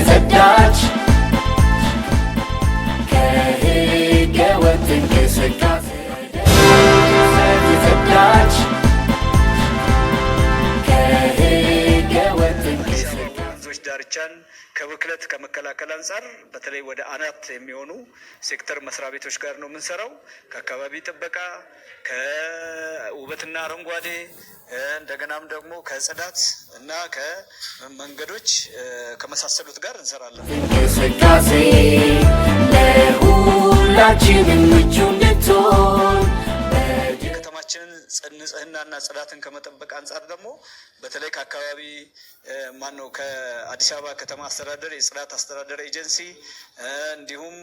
የጸዳች ከሕገ ወጥ እንቅስቃሴ ወጥ ወንዞች ዳርቻን ከብክለት ከመከላከል አንጻር በተለይ ወደ አናት የሚሆኑ ሴክተር መስሪያ ቤቶች ጋር ነው የምንሰራው። ከአካባቢ ጥበቃ ከውበትና አረንጓዴ እንደገናም ደግሞ ከጽዳት እና ከመንገዶች ከመሳሰሉት ጋር እንሰራለን። እንቅስቃሴ ለሁላችንም ምቹ እንድትሆን ንጽህናና ጽዳትን ከመጠበቅ አንጻር ደግሞ በተለይ ከአካባቢ ማነው ከአዲስ አበባ ከተማ አስተዳደር የጽዳት አስተዳደር ኤጀንሲ እንዲሁም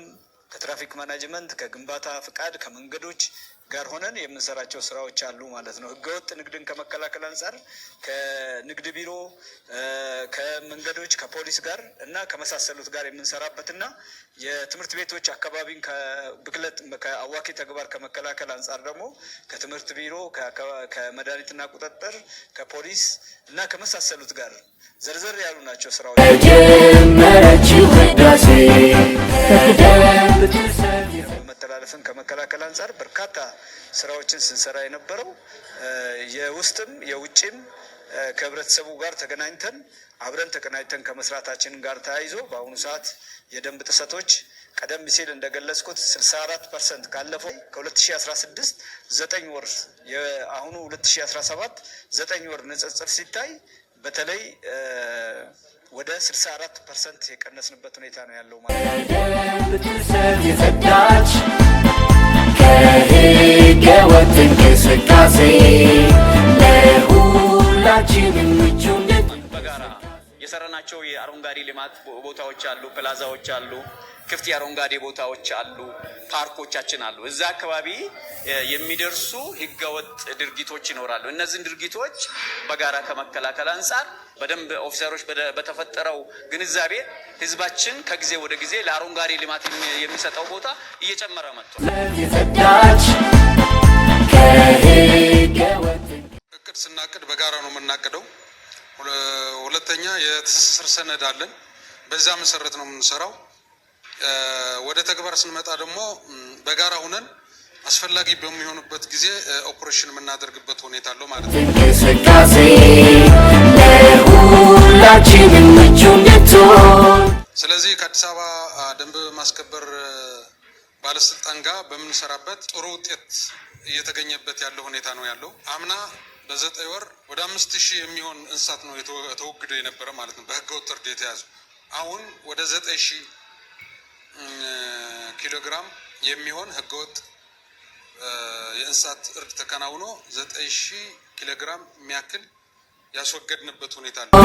ከትራፊክ ማናጅመንት ከግንባታ ፍቃድ ከመንገዶች ጋር ሆነን የምንሰራቸው ስራዎች አሉ ማለት ነው። ህገወጥ ንግድን ከመከላከል አንጻር ከንግድ ቢሮ፣ ከመንገዶች፣ ከፖሊስ ጋር እና ከመሳሰሉት ጋር የምንሰራበት እና የትምህርት ቤቶች አካባቢን ከብክለት ከአዋኪ ተግባር ከመከላከል አንጻር ደግሞ ከትምህርት ቢሮ፣ ከመድኃኒትና ቁጥጥር፣ ከፖሊስ እና ከመሳሰሉት ጋር ዘርዘር ያሉ ናቸው ስራዎች። ከመከላከል አንጻር በርካታ ስራዎችን ስንሰራ የነበረው የውስጥም የውጭም ከህብረተሰቡ ጋር ተገናኝተን አብረን ተቀናጅተን ከመስራታችን ጋር ተያይዞ በአሁኑ ሰዓት የደንብ ጥሰቶች ቀደም ሲል እንደገለጽኩት 64 ፐርሰንት ካለፈው ከ2016 ዘጠኝ ወር የአሁኑ 2017 ዘጠኝ ወር ንጽጽር ሲታይ በተለይ ወደ 64 ፐርሰንት የቀነስንበት ሁኔታ ነው ያለው ማለት ነው። Yeah. የልማት ቦታዎች አሉ፣ ፕላዛዎች አሉ፣ ክፍት የአረንጓዴ ቦታዎች አሉ፣ ፓርኮቻችን አሉ። እዛ አካባቢ የሚደርሱ ህገወጥ ድርጊቶች ይኖራሉ። እነዚህን ድርጊቶች በጋራ ከመከላከል አንጻር በደንብ ኦፊሰሮች በተፈጠረው ግንዛቤ ህዝባችን ከጊዜ ወደ ጊዜ ለአረንጓዴ ልማት የሚሰጠው ቦታ እየጨመረ መጥቷል። እቅድ ስናቅድ በጋራ ነው የምናቅደው። ሁለተኛ የትስስር ሰነድ አለን። በዛ መሰረት ነው የምንሰራው። ወደ ተግባር ስንመጣ ደግሞ በጋራ ሁነን አስፈላጊ በሚሆኑበት ጊዜ ኦፕሬሽን የምናደርግበት ሁኔታ አለው ማለት ነው። እንቅስቃሴ ምቹ እንድትሆን ስለዚህ ከአዲስ አበባ ደንብ ማስከበር ባለስልጣን ጋር በምንሰራበት ጥሩ ውጤት እየተገኘበት ያለው ሁኔታ ነው ያለው። አምና በዘጠኝ ወር ወደ አምስት ሺህ የሚሆን እንስሳት ነው የተወግደ የነበረ ማለት ነው በህገ እርድ የተያዙ አሁን ወደ ዘጠኝ ሺህ ኪሎ ግራም የሚሆን ህገወጥ የእንስሳት እርድ ተከናውኖ ዘጠኝ ሺህ ኪሎ ግራም የሚያክል ያስወገድንበት ሁኔታ አለ።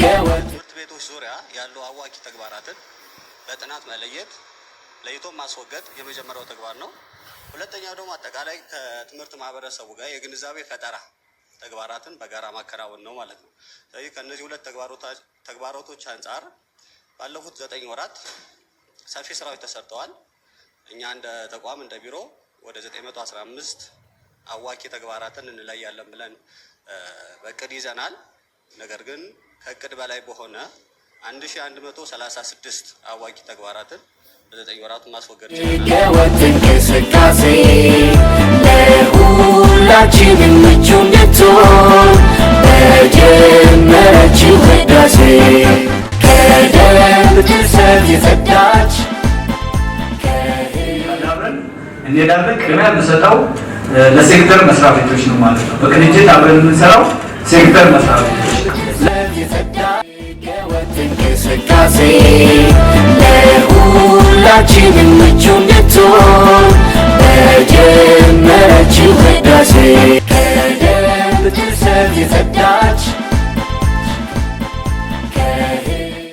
ትምህርት ቤቶች ዙሪያ ያሉ አዋኪ ተግባራትን በጥናት መለየት ለይቶ ማስወገድ የመጀመሪያው ተግባር ነው። ሁለተኛው ደግሞ አጠቃላይ ከትምህርት ማህበረሰቡ ጋር የግንዛቤ ፈጠራ ተግባራትን በጋራ ማከናወን ነው ማለት ነው። ስለዚህ ከእነዚህ ሁለት ተግባራቶች አንጻር ባለፉት ዘጠኝ ወራት ሰፊ ስራዎች ተሰርተዋል። እኛ እንደ ተቋም እንደ ቢሮ ወደ 915 አዋኪ ተግባራትን እንለያለን ብለን በእቅድ ይዘናል። ነገር ግን ከእቅድ በላይ በሆነ 1136 አዋኪ ተግባራትን በዘጠኝ ወራቱ ማስወገድ ህገወጥ እንቅስቃሴ ለሁላችንም ምቹ እንድትሆን በጀመረችው ህዳሴ ከደም ጥሰት የጸዳች እንሄዳለን። ቅድሚያ የምንሰጠው ለሴክተር መስሪያ ቤቶች ነው ማለት ነው። በቅንጅት አብረን የምንሰራው ሴክተር መስሪያ ቤቶች ለሁላችንም ምቹ እንድትሆን በጀመረችው ህዳሴ ከደም ብትሰብ የጸዳች